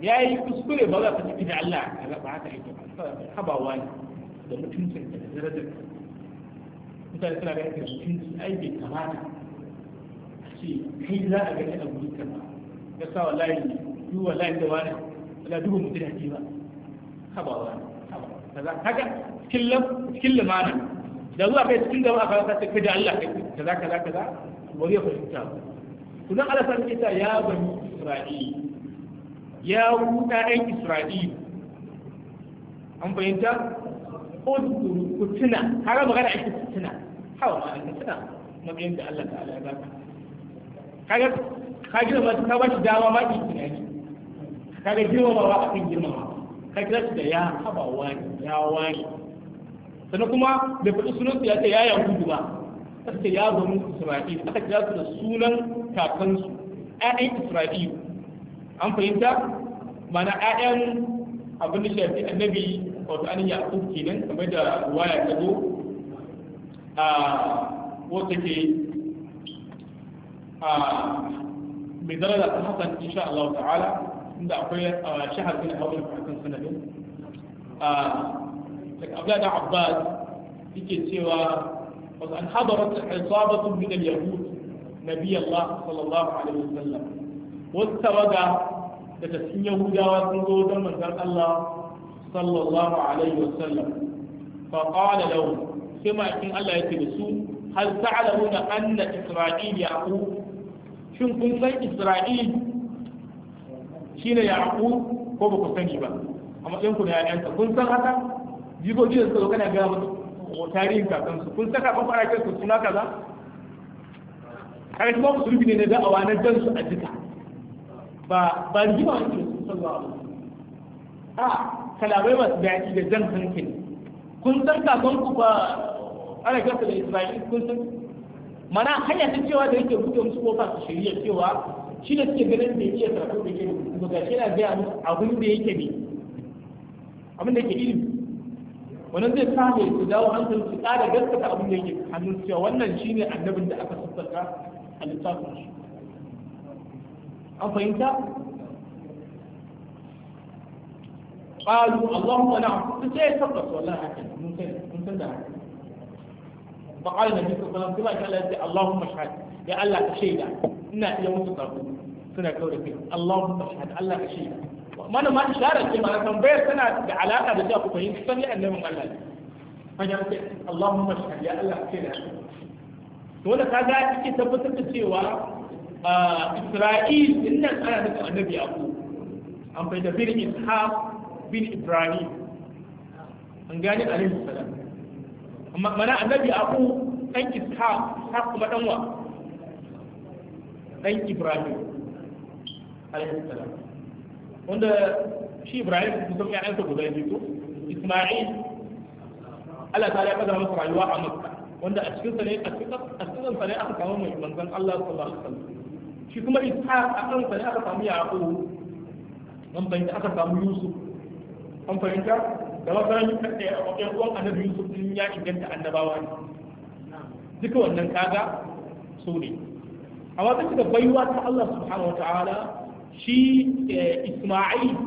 ya yi kuskure ba za ka tafi da Allah ba haka yake ba habawa ne da mutuncinka da darajarka mutane suna ga yadda mutunci ai bai kamata a ce kai za a gani a guri ka ba ya sa wa layi yi wa layi da wani ala dubu mutum da ba haba wani kaza haka cikin lam cikin limana da zuwa kai cikin gaba aka ka ce da Allah kai kaza kaza kaza wani ya fahimta kullum Allah sa ke ya bani Isra'il ya wuta ɗan Isra'il an fahimta udkuru ku tuna kaga magana ake ku tuna hawa ma ka tuna mabiyan da Allah ta'ala ya baka kaga ka girma ta ba shi dama ma ki tunani kaga girmamawa akan girmamawa ka kira da ya haba wani ya wani sannan kuma da faɗi sunansu ya ce ya yahudu ba aka ce ya bani isra'il aka kira su da sunan kakansu ƴaƴan isra'il an fahimta mana ƴaƴan abin da shafi annabi wato an yaqub kenan kamar da waya ta zo a wata ke a mai zarada ta hasan insha Allah ta'ala inda akwai shahar bin hawan kan sanadin a daga abdullahi da abbas yake cewa wasu an hadarat isabatun min al-yahud nabi Allah sallallahu alaihi wasallam wasu tawaga daga cikin yahudawa sun zo don manzon Allah صلى الله عليه وسلم فقال له كما إن الله يتبسو هل تعلمون أن إسرائيل يعقوب شن كن إسرائيل شين يعقوب ko ba ku sani ba a matsayin ku na kun san haka jigoji da suka zo kana ga musu tarihin kakansu kun saka ban fara kai su suna kuma musulmi ne na da'awa na jansu a ba ba sun a kalamai masu daɗi da jan hankali kun san kakan ku ba ana gasa da isra'il kun san mana hanya ta cewa da yake buɗe musu kofa su shirya cewa shi da suke ganin da yake sarrafa da yake ga shi na gaya musu abin da yake ne abin da yake ilimi wannan zai kame su dawo hankali su ƙara gaskata abin da yake hannun cewa wannan shi ne annabin da aka sassaka a littafin shi an fahimta qalu allahumma na'am duk sai ya tabbata wallahi mun san mun san da haka fa qala nabi sallallahu alaihi wasallam ya Allah ka shaida ina iya musu tsaro suna kawo da kai allahumma shahad Allah mana ma isharar ce ma tambayar tana da alaka da cewa ku san ya annabin Allah ne fajar ce allahumma shahad ya ka tabbatar da cewa Isra'il din nan ana nufin annabi an bin ibrahim an gane alaihi salam mana annabi abu dan iska har kuma dan wa dan ibrahim alaihi salam wanda shi ibrahim mutum ya aika guda biyu isma'il Allah ta ya kaza masa rayuwa a makka wanda a cikin sane a cikin sa aka samu mai manzon Allah sallallahu alaihi wasallam shi kuma isa a kan sane aka samu yaqub wanda aka samu yusuf an fahimta da makarantar kan ɗaya a matsayin uwan annabi yusuf din ya inganta annabawa ne duka wannan kaga su ne a wata da baiwa ta Allah subhanahu wataala shi eh, Isma'il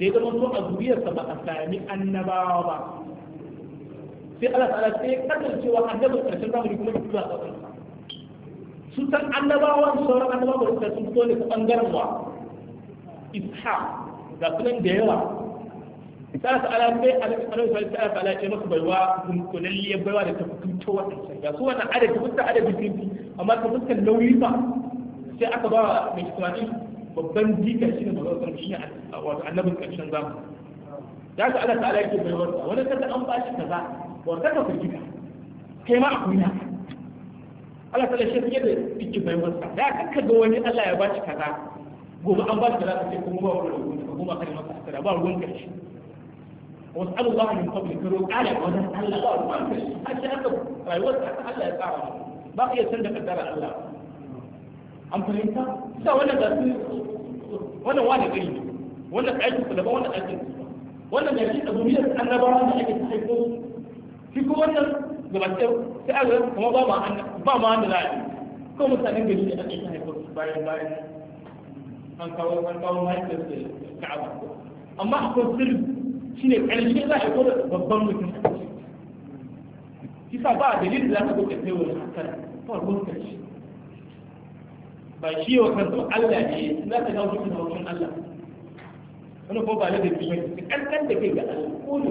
da ya zama so a zuriyarsa ba a sami annabawa ba sai Allah ta'ala sai ya kasancewa annabin karshen zamani kuma ya a tsakansa sun san annabawa su sauran annabawa ba su sun fito ne ta bangaren wa isha ga sunan da yawa misali ta ala sai a cikin alaihi sallallahu alaihi wasallam ya maka baiwa kullalliyar baiwa da ta fito wannan ga su wannan adadi fuska adadi sun amma ta fuskar nauyi ba sai aka ba mai kitabani babban jikar shi ne ba zai shi ne wato annabin karshen zamani da ka Allah ta'ala yake baiwar sa wani kaza an ba shi kaza wa kaza ku jika kai ma akwai na Allah ta'ala shi yadda da yake baiwar sa da ka ga wani Allah ya ba shi kaza gobe an ba shi kaza sai kuma ba wani rubutu kuma kai masa kaza ba ruwan karshe واسألوا الله من قبل كروك على وسأل الله الله ما فيش حتى أنتم رأيوات الله يتعرف باقي يسلم قدر الله أم فهمت؟ لا ولا ده ولا وانا قريب ولا تعيش في ولا تعيش ولا ما يجيش أدومية أنا برا ما أجي تحبه في كوانا gabatar sai وما kuma ba ma ba ma an da ko mutanen gari da ake باين ko bayan bayan an kawo an kawo haifar da Ka'aba amma akwai shi ne ƙarshe za a yi babban mutum a cikin kisa ba dalilin za ka zo ka kai wani hankali. kawai mun karshe ba shi wa kansa Allah ne za ka gawo cikin haushin Allah wani ko ba ladabi ba ne ka kankan da kai ga Allah ko ne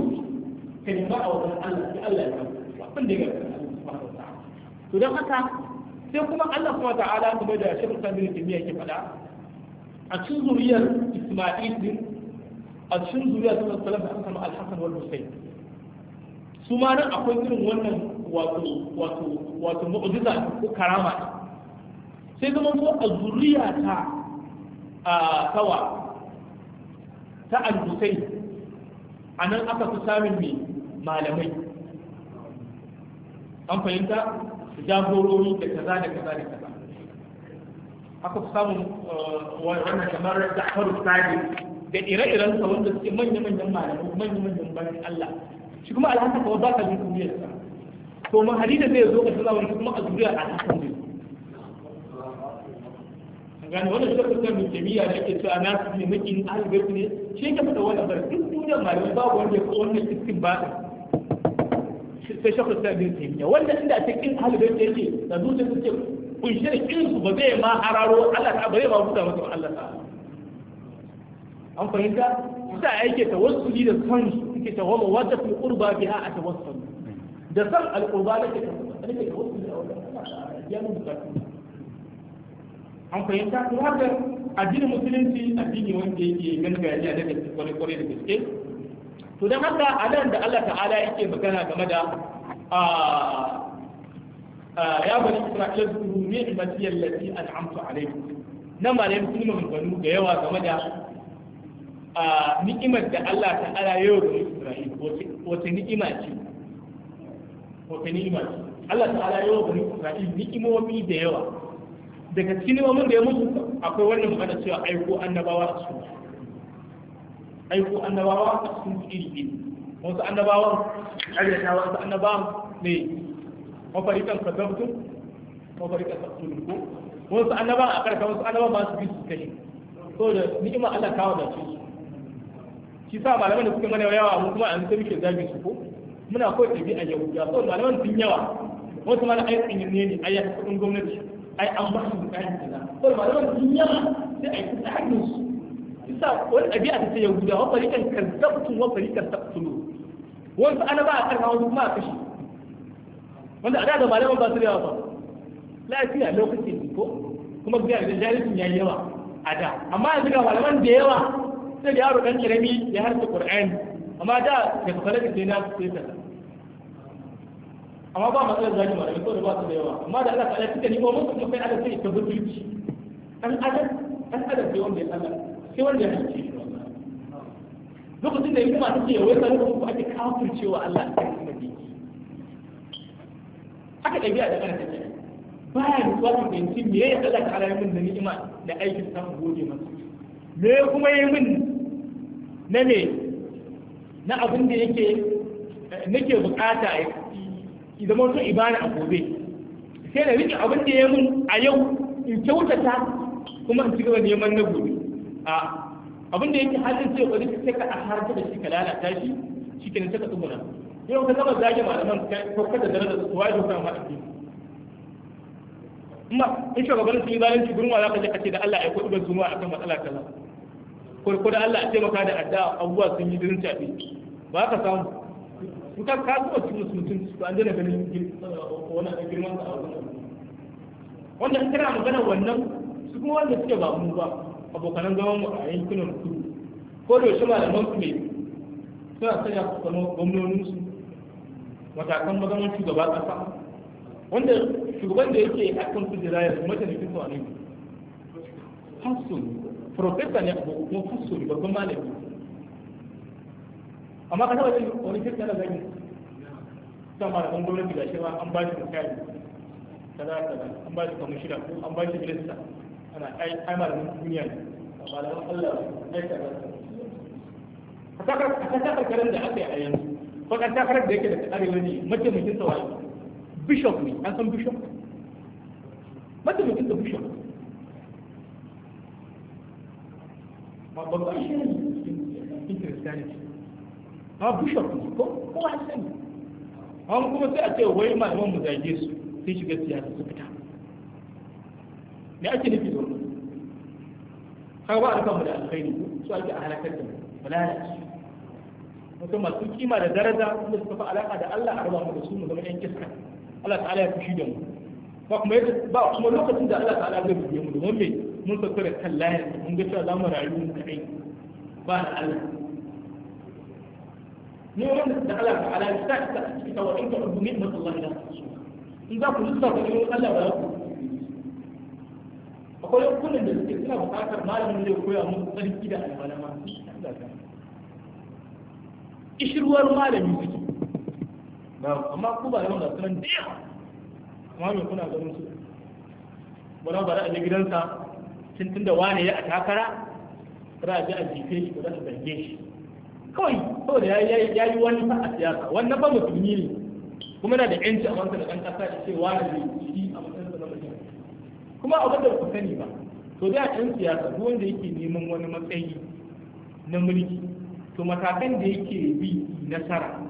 ka nema a wajen Allah sai Allah ya kawo abin da ya ga Allah subhanahu wa ta'ala to don haka sai kuma Allah subhanahu wa ta'ala kuma da shirin sanin da ke faɗa a cikin zuriyar Isma'il din a cikin zuriya sun da aka an samu alhassan wal husayn su ma nan akwai irin wannan wato wato wato mu'jiza ko karama sai zama ko a zuriya ta a tawa ta al-husayn a nan aka fi samun mai malamai an fahimta jagorori da kaza da kaza da kaza aka fi samun eh, wannan kamar da haru sadiq da ire-iren sa wanda suke manya-manyan malamai manya-manyan bayan Allah shi kuma alhassan kawai ba ka jin duniyar sa to mun hadida zai zo ka tana wani kuma a zuriya alhassan zai gani wannan shi ka san jami'a da yake cewa nasu ne makin albayt ne shi yake fada wannan bar duk duniyar malamai babu wanda ya ko wannan cikin ba sai shakku sai bin jami'a wanda inda a cikin albayt yake da zuciya take kunshe da kinsu ba zai ma hararo Allah ta bare ba buta masa Allah ta an fahimta sa yake tawassuli da son su yake tawalla wata fi qurba biha a tawassul da san alqurba nake nake tawassuli da wannan ya mun bukatu an fahimta to haka addinin musulunci addini wanda yake gangariya daga cikin kwarai da gaske to don haka a nan da Allah ta'ala yake magana game da ya bani isra'ila su ni'imati allati an'amtu alaykum nan malamin sun maganganu da yawa game da a ni'imar da Allah ta ala yau da wata ni'ima ce wata ni'ima ce Allah ta ala yau da ni'imomi da yawa daga cikin ni'imomin da ya mutu akwai wannan magana cewa aiko annabawa a cikin aiko annabawa a cikin iri iri wasu annabawan karyata wasu annabawa ne mafarikan kasabtu mafarikan kasabtu ko wasu annabawa a karka wasu annabawa ba su bi su so da ni'imar Allah kawo da cikin shi sa malaman da suke mana yawa mu kuma an sai muke zabi su ko muna kawai yau. yahudiya so malaman sun yawa wasu malaman ai tsinye ne ai kuɗin gwamnati ai an ba su kayan kaza saboda malaman sun yawa sai ai ta hannun su shi sa wani ɗabi'a ta ce yahudiya wa farikan kazzabtun wa farikan taqtulu wasu ana ba a karfa wasu kuma a kashe wanda a da da malaman ba su da yawa ba lafiya lokacin ko kuma ga da ya yayi yawa a da amma yanzu ga malaman da yawa da yaro dan kirami ya harfi qur'ani amma da da fara da sai na sai ta amma ba matsalar zaki malami ko da ba su da yawa amma da Allah ta alaka ni ko mun kuma kai Allah sai ta butulci dan adam dan adam sai wanda ya Allah sai wanda ya halicce lokacin da ya kuma take wai sai kuma ake kafircewa Allah a cikin nabi aka dabi'a da kana take baya da zuwa fahimci me ya Allah ta'ala ya min da ni'ima da aikin samun gode masa me kuma ya min na ne na abin da yake eh, nake bukata ya zama wata ibada a gobe sai na rike abin da ya mun a yau in kyautata kuma in ci gaba neman na gobe a abin da yake halin sai wani sai ka harka da shi ka lalata shi shi ke sai ka tsubuna yau ka zama zage malaman da kada da rada su wajen kan haɗa ke amma in shugabannin sun yi zalunci gurin wa za ka je ka ce da Allah ya kuɗi ban zuma akan matsala kaza kurkuda Allah a taimaka da addu'a abubuwa sun yi dirin tafi ba ka samu in ka ka kuma cikin mutum su an dana ganin uh, wani a girman da a wannan wanda in kana magana wannan su kuma wanda suke ba mu ba abokanan gaban mu a yankunan kudu ko da yaushe malaman su ne suna sanya su kano gwamnonin su matakan maganar shugaba kasa wanda shugaban da yake a kan kujera ya kuma ta nufin su a ne profesa ne abu kuma fusso babban malami amma ka taba yin wani kirkin da zai san ma da gwamnati da shi ma an ba shi misali kaza kaza an ba shi kwamishina ko an ba shi minista ana ai ai malamin duniya ne amma da Allah ai kaza a ta karkarin da aka yi a yanzu ko ka ta da yake da arewa ne mataimakin sa wani bishop ne an san bishop mataimakin sa bishop ba babban shi ne cikin kiristaniti ba bishop ne ko kowa ya sani an kuma sai a ce wai malaman mu zage su sai shiga siyasa su fita me ake nufi da wannan har ba a kan da alkhairi su ake a halakar da balala wato masu kima da daraja da suka fi alaka da Allah a raba mu da su mu zama yan kiska Allah ta'ala ya fushi da mu ba kuma ba lokacin da Allah ta'ala zai buge mu domin me mun sauka da kan layar mun ga cewa za mu rayu mu kaɗai ba da Allah ne wannan da Allah ta ala ta ta ciki ta wa'in ka rubu min masallah ila in za ku lissafa ne Allah ba za ku akwai yankunan da suke suna buƙatar malamin zai koya musu tsarki da almalama ishirwar malami suke amma ku ba yawan gasu nan da yawa amma mai kuna ganin su bana bara a je gidansa tun tun da wane ya a takara za a ji a jife shi ko za zarge shi kawai saboda ya yi wani ba a siyasa wannan ba musulmi ne kuma na da yanci a wansa da ɗan kasa ya ce wane ne shi a matsayinsa na mutum kuma a wadda ku sani ba to da ɗan siyasa duk wanda yake neman wani matsayi na mulki to matakan da yake bi nasara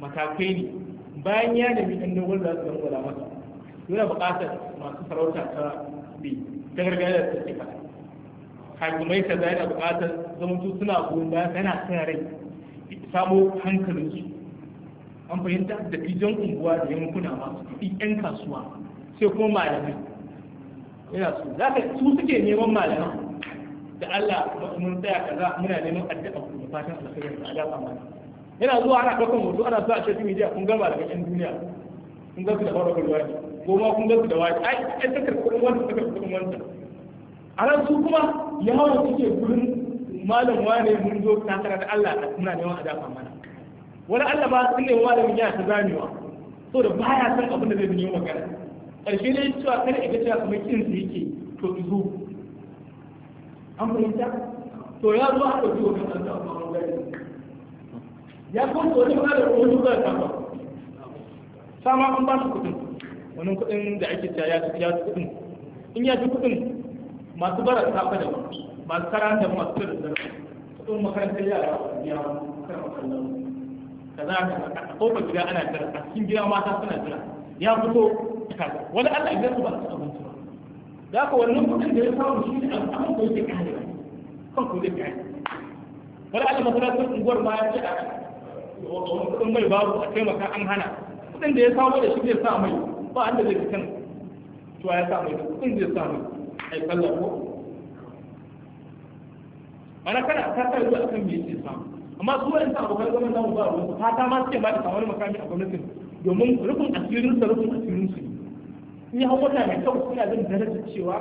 matakai ne bayan ya nemi ɗan dogon za su dangwala masa yana buƙatar masu sarauta ta biyu ta gargajiya da take fada hakimai kaza yana buƙatar zamantu suna goyon baya yana sa rai samo su, an fahimta da fijan unguwa da yankuna masu fi 'yan kasuwa sai kuma malamai yana su za ka su suke neman malaman da Allah mun tsaya kaza muna neman addu'a da fatan alkhairi da adaba ma yana zuwa ana ɗaukan hoto ana sa a cikin media kun ga malaman 'yan duniya kun ga su da farko ruwa goma kun gasu da waki ai ai sakar kudin wanda sakar kudin wanda a ran su kuma ya hawa suke gurin malam wane mun zo takara da Allah a suna neman a dafa mana wani Allah ba sun nemi malamin yana ta zamewa so da baya san abin da zai yi magana ƙarshe ne cewa kada ita cewa kuma kin su yake to zo an fahimta to ya zo a ɗauki wa kan ta ba ya kuma wani ba da wani ba da sama sama an ba su kuɗin wannan kudin da ake ta ya fi kudin in ya fi kuɗin masu bara ta fada masu karanta masu tura da kuɗin makarantar yara ya karanta kaza kaza a kofar gida ana jira a cikin gida mata suna jira ya fito kaza wani Allah idan su ba su abinci ba da haka wannan kuɗin da ya samu shi ne al'amun ko yake kare kan ko zai kare wani Allah masarautar unguwar ma ya ce a kudin mai babu a taimaka an hana kudin da ya samu da shi ne sa mai ba an da zai kan cewa ya samu da kun zai samu a yi ko mana kana ta kai zuwa akan me yake samu amma su wa'in sa abokan zaman namu ba ruwan ta ma suke ba da samu makami a gwamnatin domin rufin asirin sa rufin asirin su in ya hau mai kyau suna jin da cewa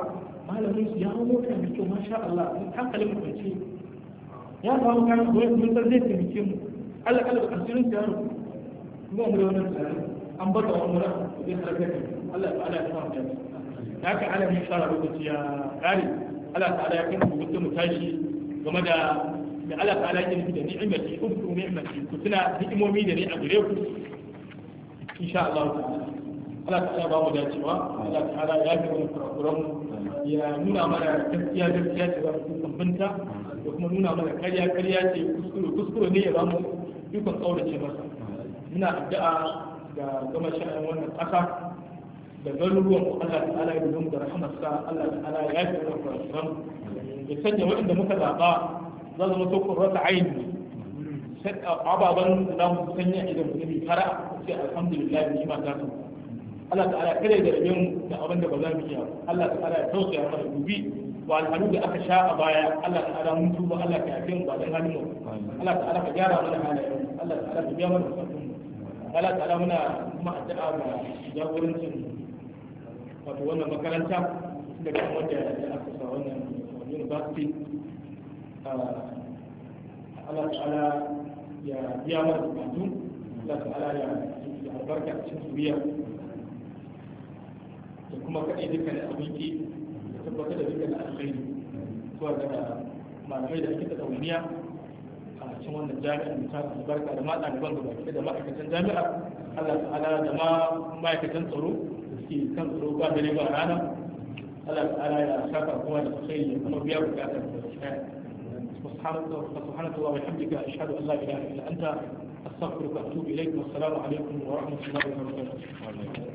malamin su ya hau mai kyau masha Allah in hankali mu kwance ya samu kayan goyon mun san zai taimake mu Allah kalaba asirin su ya rufu kuma mu da wannan tsari an fi harkati Allah ta'ala ya samu da ta ka ala mun tsara lokaci ya kare Allah ta'ala ya kanta mutum mu tashi game da da Allah ta'ala ya nufi da ni'imati udku ni'imati ku tuna ni'imomi da ni a gare ku insha Allah ta'ala Allah ta'ala ba mu dacewa Allah ta'ala ya ga mu kurakuran ya nuna mana gaskiya gaskiya ce ba ku kumbunta da kuma nuna mana karya karya ce kuskure kuskure ne ya ba mu ikon kaurace masa muna addu'a da gama sha'anin wannan ƙasa da garuruwan ko Allah ala ya da rahamarsa Allah ala ya yi da rahamarsa ya sanya waɗanda muka zaɓa za zama to qurrata aini ababen da mu sanya idan mu yi fara sai alhamdulillah ni ma ta Allah ta'ala ala ya rabe mu da abin da ba za mu iya Allah ala ya tausaya mana dubi wa alhalu da aka sha a baya Allah ta'ala mun tuba Allah ka yafe mu ba dan halin mu Allah ala ka gyara mana halayen Allah ala ka biya mana Allah ta'ala muna kuma a ta'a ga jagorancin wato wannan makaranta da kuma wanda ya asusa wannan university ah, ala ta'ala ya biya mana bukatu su ta'ala ya albarka cikin zuriya da kuma kaɗai dukkan abinci da tabbatar da dukkan alkhairi zuwa ga malamai da ake da ɗauniya cikin wannan jami'ar da ta albarka da ma ɗaliban da baki da ma'aikatan jami'ar Allah ta'ala da ma ma'aikatan tsaro da suke kan tsaro ba dare ba rana Allah ta'ala ya saka kowa da sai ya kuma biya bukatar سبحانك الله وبحمدك أشهد أن لا إله إلا أنت أستغفرك وأتوب إليك والسلام عليكم ورحمة الله وبركاته